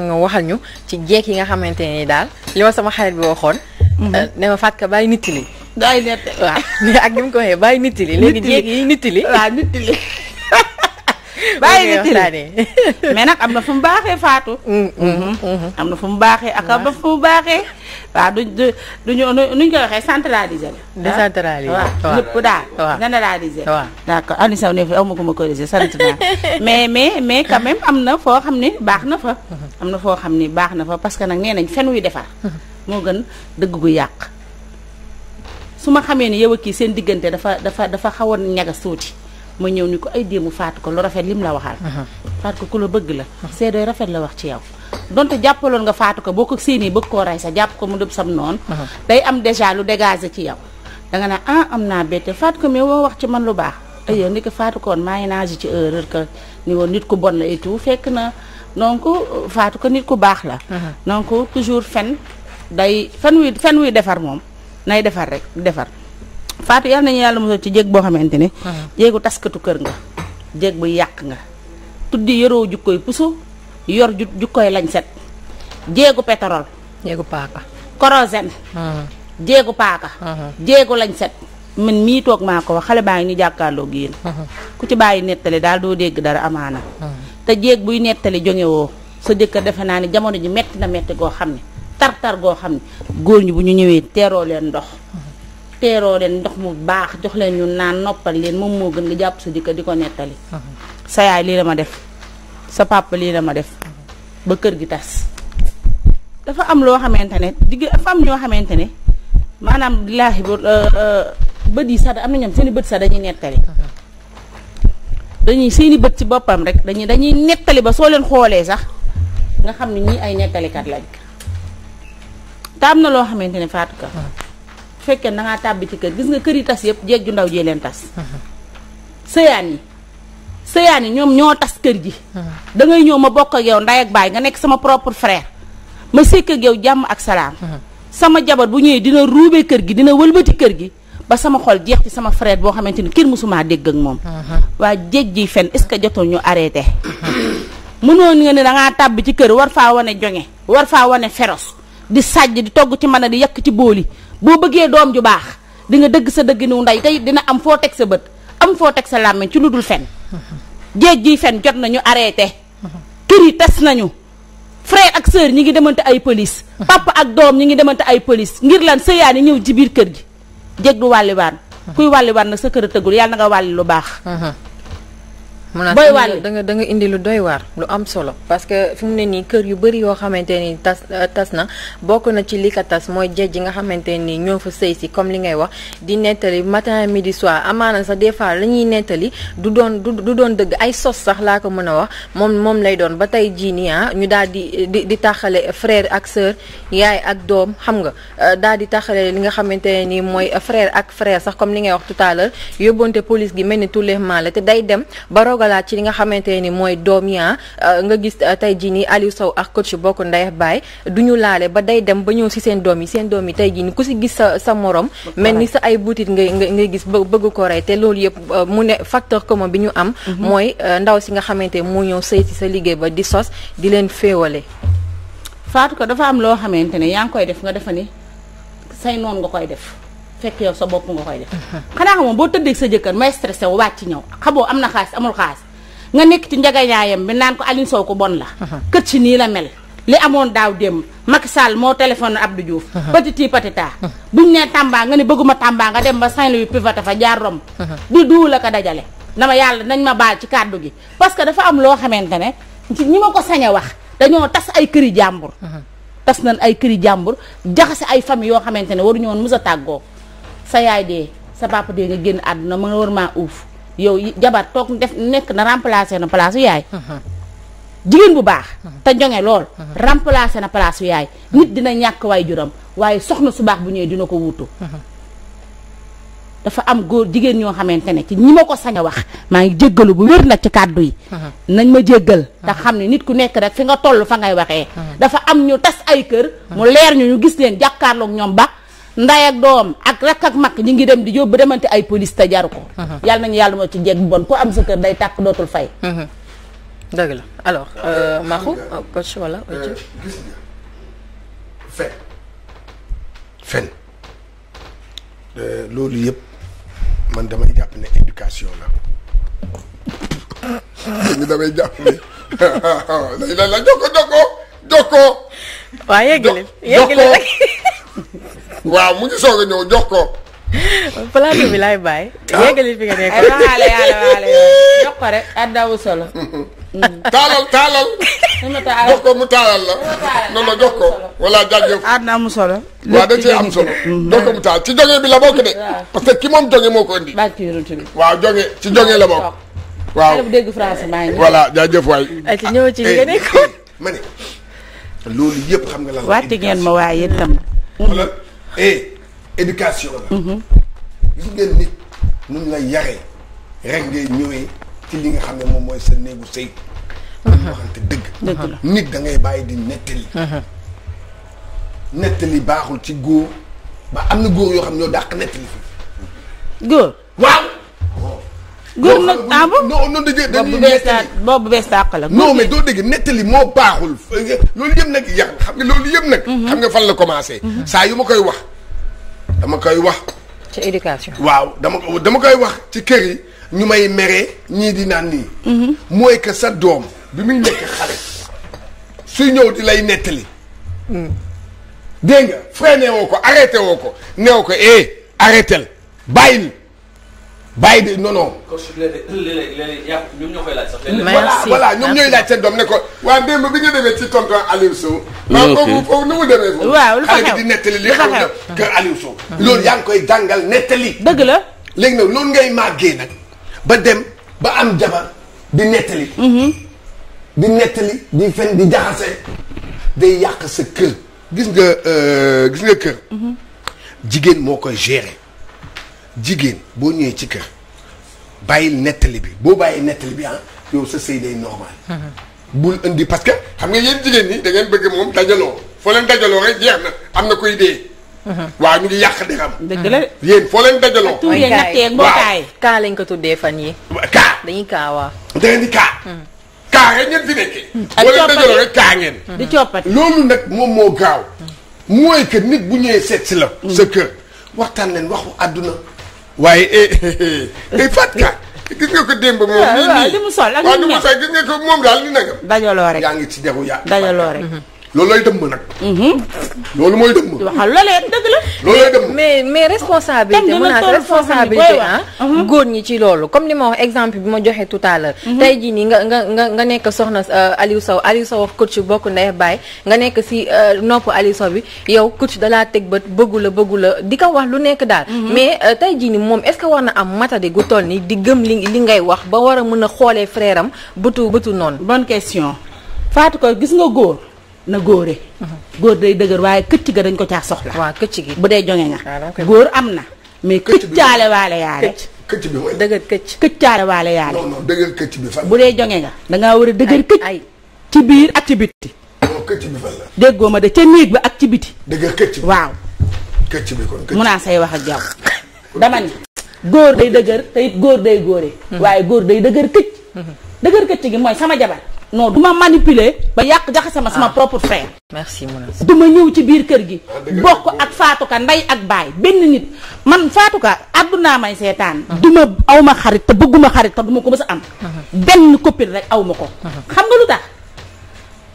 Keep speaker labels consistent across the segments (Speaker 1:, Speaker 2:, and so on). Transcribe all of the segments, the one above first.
Speaker 1: ak nga waxal ñu ci jeeg yi nga xamante ne daal li ma sama xarit bi waxoon. Mhm. Euh, ne ma Fatou Ka bàyyi nitti li. daay nett waaw ak ni mu ko waxee bàyyi nitti li léegi jeeg yi nitti li waaw nitti li bàyyi ni tili mais nag am na fu mu baaxee faatu mm, mm,
Speaker 2: mhm. mm, am na fu mu baaxee ak am na fu mu baaxee waaw du du duñu nuñ koy waxee centraliser la ah. décentraliser waaw ñëpp daal généraliser waaw d'accord Aliou Sow ne fi aw ma ko ma corriger sant naa mais mais mais quand am na foo xam ne baax na fa mhm. am na foo xam ne baax na fa parce que nag nee nañ fen wuy defar mhm. moo gën dëgg gu yàq su ma xamee ni yow kii seen diggante dafa dafa dafa xawoon ñagas suuti ma ñëw ni ko ay déemu faatu ko lu rafet lim la waxal. faatu ko ku la bëgg la. seedooy rafet la wax ci yow. donte jàppaloon nga faatu ko boo ko séenee bëgg koo rey sa jàpp ko mu dëb sam noon day am déjà lu dégagé ci yow. danga naa ah am naa bette faat ko mais woo wax ci man lu baax. ay yow ni ko faatu ko woon maa ngi nage ci erreur que ni woon nit ku bon la et tout fekk na donc faatu ko nit ku baax la. donc toujours fen day fen wuy fen wuy defar moom nay defar rek defar. Fatou yàlla nañu yàlla mosal ci jéeg boo xamante ne. Ah. jéegu taskatu kër nga. jéeg bu yàq nga. tuddi yoroo jukkooy puso yor ju jukkooy lañ set. jéegu pétrole. jéegu paaka. corosène. Ah. jéegu paaka. Ah. jéegu lañ set. man mii toog maa ko wax xale baa ngi ni jàkkaarloo gi ku ci bàyyi nettali daal doo dégg dara amaana. te jéeg buy nettali jonge sa jëkkër defe naa ne jamono ji metti na metti goo xam ne tar tar goo xam ne góor ñi bu ñu ñëwee teeroo leen ndox. teeroo leen ndox mu baax jox leen ñu naan noppal leen moom moo gën nga jàpp sa dikka di ko nettali mhm. sa yaay lii la ma def sa papa lii la ma def ba kër gi tas dafa am loo xamante ne digg dafa xamante ne maanaam billaahi euh, euh, bët yi sax am na ñoom seen bët sax dañuy nettali mhm. dañuy bët ci boppam rek dañuy dañuy nettali ba soo leen xoolee sax nga xam ne ñii ay nettalikat lañ te am na loo xamante ne Fatou Ka mhm. fekkee da ngaa ci kër gis nga kër yi tas yëpp jeeg ju ndaw jee leen tas sëyaan yi sëyaan yi ñoom ñoo tas kër ji da ngay ñëw ma bokk ak yow nday ak baay nga nekk sama propre frère ma sekk yow jàmm ak salaam sama jabar bu ñëwee dina ruubee kër gi dina wëlbati kër gi ba sama xol jeex ci sama frère boo xamante ni kër mosumaa dégg ak moom waa jeeg jiy fen est-ce que jotoon ñu arrêté mënoon nga ne da ngaa ci kër war faa wane joŋe war faa wane féroce di sàjj di togg ci mën a di yàq ci booli boo bëggee doom ju baax di nga dëgg sa dëgg nu ndey tey dina am foo teg sa bët am foo teg sa làmmiñ ci lu dul fen géej gi fen jot nañu arrêté kër yi tas nañu frère ak sœur ñi ngi demante ay police papa ak doom ñi ngi demante ay police ngir lan sëyaan yi ñëw ci biir kër gi jéeg du wàlliwaan kuy wàlliwaan nag sa kër a tëggul yàlla na nga wàlli lu baax
Speaker 1: doy waar da nga da nga indi lu doy waar lu am solo parce que fi mu ne nii kër yu bëri yoo xamante ni tas euh, tas na bokk na ci li ko tas mooy ji nga xamante nii ñoo fa sëy si comme li ngay wax di nettali matin midi soir amaana sax des fois la ñuy nettali du doon du doon dëgg ay sos sax laa ko mën a wax moom moom lay doon ba tey jii nii ah, ñu daal di di di taxale frère ak sœur yaay ak doom xam nga euh, daal di taxale li nga xamante ne nii mooy frère ak frère sax comme li ngay wax tout à l'heure yóbbante police mel ni tous les mal te day dem dogalaat ci li nga xamante ni mooy doom yi ah, euh, nga gis euh, tey jii ni Aliou Sow ak coach bokk ndeyex baay du ñu laale ba day dem ba ñëw si seen doom yi seen doom yi tey jii nii ku si gis sa sa morom mel ni sa ay butit ngay ngay gis bëgg ko rey te loolu yëpp euh, mu ne facteur commun bi ñu am mhm. mooy ndaw si nga xamante moo ñëw sëy sa liggéey ba di sos di leen féewale
Speaker 2: faatu ko dafa am loo xamante ne yaa ngi koy def nga defa ni say noonu nga koy def fekk yow sa bopp nga koy def xanaa xamoon boo tëddee sa jëkkër may stressé wu wàcc ñëw xamoo am na xaalis amul xaalis nga nekk ci njagañaayam bi naan ko Aline Sow ko bon la kër ci nii la mel li amoon daaw démb Macky Sall moo téléphone Abdou Diouf patiti patita buñ ne Tamba nga ne bëgguma tàmbaa nga dem ba Saint-Louis pivoté fa jaar Rome di duu la ko dajale dama yàlla nañ ma baal ci kàddu gi parce que dafa am loo xamante ne ñi ma ko sañ a wax dañoo tas ay këri jàmbur tas nañ ay këri jàmbur jaxase ay famille yoo xamante ne waruñu woon mës a tàggoo sa yaay dee sa papa dee nga génn àdduna ma war maa uuf yow jabar toog def nekk na remplacer na place yaay. jigéen bu baax. te joŋe lool. remplacer na place yaay. nit dina ñàkk waay juram waaye soxna su baax bu ñëwee dina ko wuutu. dafa am góor jigéen ñoo xamante ne ci ñi ma ko sañ a wax maa ngi jéggalu bu wér nag ci kàddu yi nañ ma jëggal te xam ne nit ku nekk rek fi nga toll fa ngay waxee uhuh. dafa am ñu tas ay kër mu leer ñu ñu gis leen jàkkaarloog ñoom ba nday ak doom ak rakk ak mag ñi ngi dem di yóbbu demante ay police te jaru ko. Uh-huh. yàlla nañu yàlla moo ci jeg bon ku am sa
Speaker 1: kër day tàkk dootul fay. Uh-huh. dëgg la alors. Euh, Makhou euh, coach wala.
Speaker 3: Euh, loolu yëpp man damay jàpp ne éducation la. ñu damay jàpp ne la jokko jokko jokko. waaw yeggali yeggali rek. waaw mu ngi soog a ñëw
Speaker 1: jox ko. plateau bi laay bàyyi. ah yeggali fi nga nekk. ay waxaale yàlla waxaale jox ko rek addawu solo.
Speaker 3: taalal taalal. jox ko mu taalal la. non non jox ko. wala jaajëf aada am solo. waaw da cee am solo. jox ko mu taal ci
Speaker 2: joge bi la bokk de.
Speaker 3: parce que ki moom joge moo ko indi. waaw joge ci joge la bokk. waaw xale bu
Speaker 2: dégg français maa ngi. voilà jaajëf waay. ci ñëw ci li nga eh, nekk. Eh, ma ne
Speaker 3: loolu yëpp xam nga lan la. waati
Speaker 2: ngeen ma waaye itam. et éducation la. Mhm.
Speaker 3: gis ngeen nit nun la yaree rek ngay ñëwee ci li nga xam ne moom mooy sa néegu sëy. dañu mhm. waxante dëgg. nit da ngay bàyyi di nettali. Mhm. nettali baaxul ci góor ba am na góor yoo xam ne ñoo dàq nettali fi. góor waaw. góor nag ah bon
Speaker 2: non non dëgg dañuy boobu bees tàq boobu bees tàq la. non mais doo
Speaker 3: dégg nettali moo baaxul. loolu yëpp nag yàq xam nga loolu yëpp nag. Mhm. xam nga fan la commencé. Mhm. saa yu ma koy wax dama koy
Speaker 1: wax. ci éducation.
Speaker 3: waaw dama dama koy wax ci kër yi ñu may meree ñii di naan nii. Mhm. mooy que sa doom bi muy nekk xale suy ñëw di lay nettali. Mm. dégg nga freiné woo ko arrêté woo ko neew ko eh arrêtel bàyyil. bàyyi de non non.
Speaker 4: ñoom ñoo koy laaj sax. merci voilà ñoom ñooy
Speaker 3: laaj seen doom ne ko. waa démb bi nga demee ci tonton Aliou Sow. waaw foofu foofu nu mu demee foofu. waaw lu fa xew xale bi di nettali li xew na kër Aliou Sow. Hmm. loolu yaa ngi koy jàngal nettali. dëgg la. léegi nag loolu ngay màggee nag ba dem ba am jabar di nettali. Mm-hmm. di nettali di fen di jaxase day yàq sa kër. gis nga euh, gis nga kër. Mm-hmm. jigéen moo koy gérer. jigéen boo ñëwee ci kër bàyyil nettali bi boo bàyyi nettali bi ah yow sa sëy normal. Mm-hmm. bul indi parce que xam nga yéen jigéen ñi da bëgg moom dajaloo foo leen dajaloo rek jeex na am na koy dee. Mm-hmm. waaw ñu ngi yàq deram. dëgg la mm-hmm. yéen foo leen dajaloo. ak
Speaker 1: kaa lañ ko tuddee fan yi kaa dañuy kaa waaw.
Speaker 3: da di kaa. Mm. kaa rek ngeen fi nekkee. Mm. foo leen dajaloo kaa ngeen. Mm. di coppati loolu nag moom moo gaaw. mooy que nit bu ñëwee seet si la. sa kër waxtaan leen waxu àdduna. waaye eh, eh, eh, eh Fatka gis nga ko démb moom. waaw waaw li mu sol ak li mu gis nga ko moom daal ni nagam. dajaloo rek yaa ngi ci jagu yaa. dajaloo rek. Mm-hmm.
Speaker 1: loolu lay dëmm nag. Mhm. loolu mooy dëmm. waxal loolee dëgg la. loolu lay dëmm mais mais responsabilité. mën naa responsabilité ah. Mhm. góor ñi ci loolu comme li ma wax exemple bi ma joxee tout à mhm. jii nii nga nga nga nekk soxna euh, Aliou Sow Aliou Sow wax coach bokk ndey baay nga nekk si euh, nopp Aliou bi yow coach dalaa teg bët bëggula la bëggu di ko wax lu nekk daal. mais euh, tey jii nii moom est-ce que war na am matade gu toll nii di gëm li li ngay wax ba war a mën a xoolee frère am bëtu bëtu noonu. bonne question Fatou ko gis nga góor.
Speaker 2: na góore. góor day dëgër waaye këcc ga dañ ko caa soxla. këcc gi bu dee jonge nga. Ah, góor am na. mais këccaale waale yaale. këcc bi mooy dëgër këcc. këccaale waale yaale. non non këcc bi fan. bu dee jonge nga da ngaa war a dëgër këcc. ci biir ak ci biti. déggoo ma de ce néeg ba ak ci biti. bi waaw. këcc bi kon këcc mun naa say wax ak yow. dama ni góor day dëgër te it góor day góore. waaye góor day dëgër këcc. dëgër këcc gi mooy sama jabar non du ma manipuler ba yàq jaxase sama sama ah. propre frère.
Speaker 1: merci Mounass. du
Speaker 2: ñëw ci biir kër gi. Ah, bokk ak Fatou Ka ndey ak baay benn nit man Fatou Ka àddunaa may seetaan. Ah. du ma aw ma xarit te bëgguma xarit te du ko mës a am. benn copine rek aw ma ko. xam nga lu tax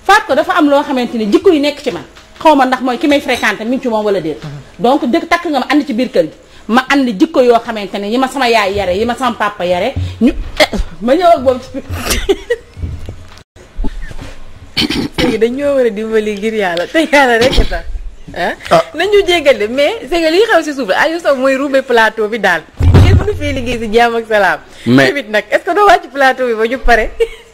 Speaker 2: Fatou Ka dafa am loo xamante ni jikko yu nekk ci man xaw ma ndax mooy ki may fréquenté mi ci moom wala déet. donc dëkk takk nga ma ànd ci biir kër gi. ma ànd jikko yoo xamante ne yi ma sama yaay yare yi ma sama papa eh, ma
Speaker 1: ñëw yi dañ ñoo war a dimbali ngir yàlla te yàlla rek a tax ah nañu jéggale mais c'est que li xew si suuf Aliou Sow mooy roube plateau bi daal ngeen mënu fii liggéey si jàmm ak salaam mais tamit nag est-ce que doo wàcc plateau bi ba ñu pare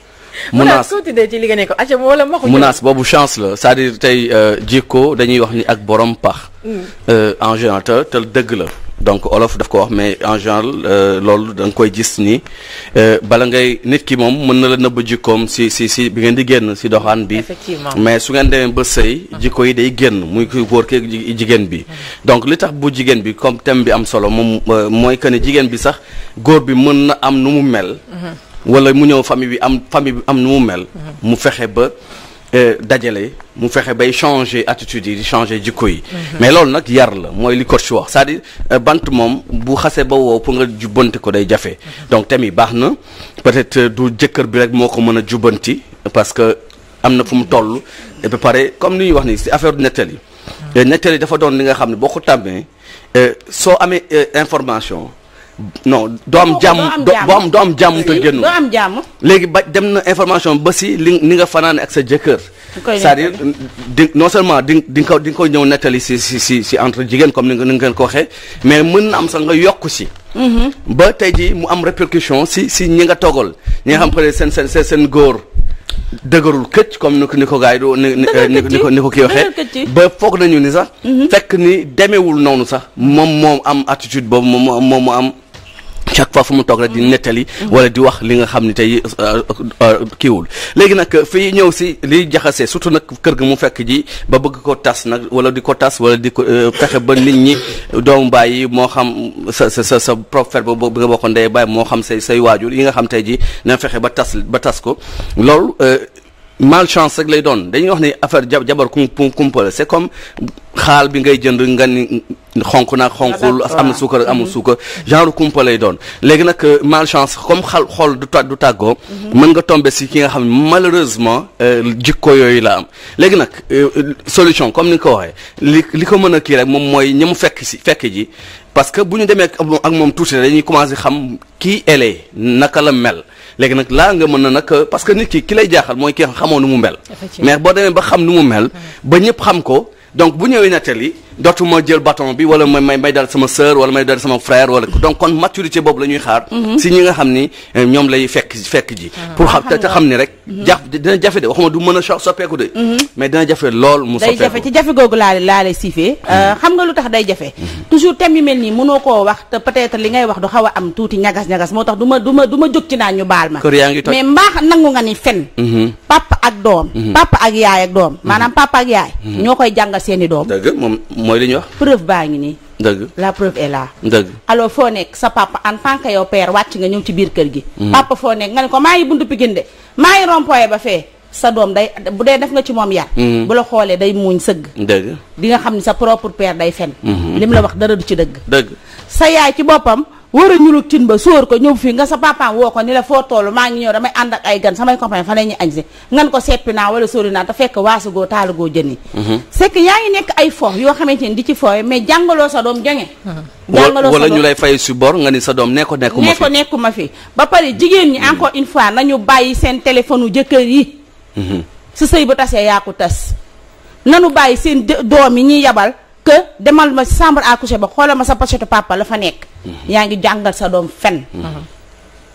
Speaker 1: munaas continuer ci li nga ne ko acam wala maxu munaas
Speaker 4: boobu chance la cest à tey euh, jikko dañuy wax ni ak borom pax mm. euh, en général te dëgg la donc olof daf ko wax mais en général euh, loolu da nga koy gis ni euh, bala ngay nit ki moom mën na la nëbb jikkoom si si si bi ngeen di génn si doxaan bi mais su ngeen demee ba sëy jikko yi day génn muy góor ke jigéen bi donc li tax bu jigéen bi comme thème bi am solo moom euh, mooy que ne jigéen bi sax góor bi mën na am nu mu mel mhm. wala mu ñëw famille bi am famille bi am nu mu mel mhm. mu fexe ba Euh, dajale mu fexe bay changer attitude yi di changer jikko yi. Mhm. mais loolu nag yar la mooy li coach wax cest à euh, bant moom bu xasee ba woow pour nga jubbanti ko day jafe. Mhm. donc tamit baax na peut-être euh, du jëkkër bi rek moo ko mën a jubbanti parce que am na fu mu toll et ba pare comme ni ñuy wax ni si affaire nettali. Mhm. nettali dafa doon li nga xam ne boo ko tàmmee soo amee information. non doo am jàmm boo am doo am jàmm te génn. doo am jàmm. léegi ba dem na information ba si li ni nga fanaan ak sa jëkkër. c'est-à-dire di non seulement di di nga ko di nga ko ñëw nettali si si si si entre jigéen comme ni nga ni ngeen ko waxee mais mën na am sax nga yokk si. Mm-hmm. ba tey ji mu am répercussion si si ñi nga toggal ñi nga xam peut seen seen seen seen góor. dëgërul këcc comme ni ko ni ko gars ni ko ni ko kii waxee ba foog nañu ni sax mm-hmm. fekk ni demewul noonu sax moom moom am attitude boobu moom moom mu am chaque fois fu mu toog rek di nettali. wala di wax li nga xam ni tey euh, euh, kiiwul léegi nag fii ñëw si li jaxasee surtout nag kër gi mu fekk ji ba bëgg ko tas nag wala di ko tas wala di ko euh, fexe ba nit ñi doomu bàyyi moo xam sa sa sa sa profet ba bi nga bokkoon ndey baay moo xam say say waajur yi nga xam tey ji na fexe ba tas ba tas ko loolu malchance rek lay doon dañuy wax ni affaire jabar kum kumpa la c'est comme xaal bi ngay jënd nga ni xonk naag xonqul am na suukar amul mhm. suukar genre kumpa lay doon léegi nag euh, malchance comme xal xool du tà du tàggoo mhm. mën nga tombe si ki nga xam ne malheureusement euh, jikko yooyu la am léegi nag euh, solution comme ni nga ko waxee li li ko mën a kii rek moom mooy ñi mu fekk si fekk ji parce que bu ñu demee ak moom tuuti dañuy commencé xam kii elle naka la mel léegi nag laa nga mën na nag euh, parce que nit ki ki lay jaaxal mooy ki xamoo nu mu mel mais boo demee ba xam nu mu mel mm. ba ñëpp xam ko donc bu ñëwee nettali dootuma jël baton bi wala may may dal sama sœur wala may dal sama frère wala donc kon maturité boobu la ñuy xaar. Mm-hmm. si ñi nga xam ni euh, ñoom lay fekk fekk ji. Ah, pour xam te xam ni rek. Mm-hmm. jaaf dina jafe de waxuma du mën a soppeeku de. Mm-hmm. mais dina jafe lool mu soppeeku. day jafe ci
Speaker 2: jafe googu laa laa lay siifee. Euh, xam nga lu tax day jafe. toujours thème yu mel nii mënoo koo wax te peut-être li ngay wax du xaw am tuuti ñagas ñagas moo tax du ma du ma du ma jóg ci naan ñu ma. kër yaa ngi toj mais mbaax nangu nga ni fen. maanaam papa ak yaay. ñoo koy jàngal seeni doom.
Speaker 4: dëgg mooy li ñuy wax.
Speaker 2: preuve baa ngi nii. dëgg la preuve est là. dëgg alors foo nekk sa papa en tant que yow père wàcc nga ñëw ci biir kër gi. Mm-hmm. papa foo nekk nga ne ko maa ngi buntu Pikine de maa ngi rond-point ba fee. sa doom day bu dee def nga ci moom yar. Mm-hmm. bu la xoolee day muuñ sëgg. dëgg di nga xam ni sa propre père day fen. Mm-hmm. lim la wax dara du ci dëgg. dëgg sa yaay ci boppam. war a ñulug cin ba sóor ko ñëw fii nga sa papaam woo ko ni la foo toll maa ngi ñëw damay ànd ak ay gan samay compagnie fa la ñuy añ si wala sóori naa te fekk waasugoo taalugoo jën yi mhm. c'est que yaa ngi nekk ay fo yoo xamante ni di ci fooye mais jàngaloo sa doom joŋe mhm. jàngaloo wala ñu lay fay
Speaker 4: su bor nga sa doom nekko nekku
Speaker 2: ma ma fi ba pare jigéen ñi mhm. encore une fois nañu bàyyi seen téléphone u jëkkër yi su sëy bu tasee yaa ko tas nanu bàyyi seen doom yi ñuy yabal que demal ma chambre à coucher ba xoolal ma sa pochette papa la fa nekk. Mhm. yaa ngi jàngal sa doom fen mhm. Mhm.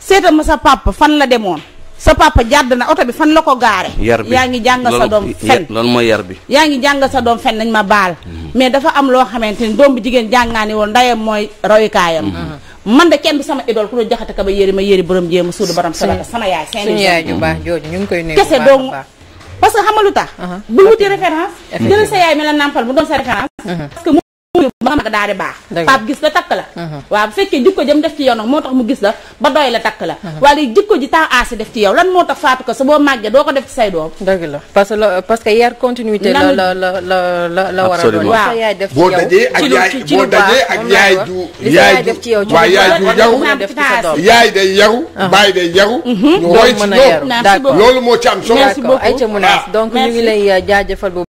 Speaker 2: seetal ma sa papa fan la demoon. sa papa jàdd na oto bi fan la ko gaare. yar bi yaa ngi jàngal sa doom fen loolu mooy yar bi. yaa ngi jàngal sa doom fen nañ ma baal. mais dafa am loo xamante ni doom bu jigéen jàngaani woon ndayam mooy royukaayam. man de kenn du sama idole ku la joxate ka ba yéri ma yéri borom jéem a suudu borom. sama yaay seen yaay ju baax
Speaker 1: jooju ñu ngi koy nuyu kese
Speaker 2: parce que xam tax. Uh-huh. bul wuti référence. jël sa yaay mi la nàmpal mu doon sa référence. Uh-huh. yu ba xam nga daal di baax pap gis la takk la mhm. waaw bu fekkee jikko jëm def ci yow moo tax mu gis la ba doy la takk la mhm. waaye jikko ji taa aasi def ci yow lan moo tax faatu ko sa boo màggee doo def ci say doom a
Speaker 1: dajee ak yaay ju yaay
Speaker 3: ju yaru mhm. loolu moo ci am solo merci beaucoup ay ca
Speaker 1: munas donc ñu ngi lay euh, jaajëfal bu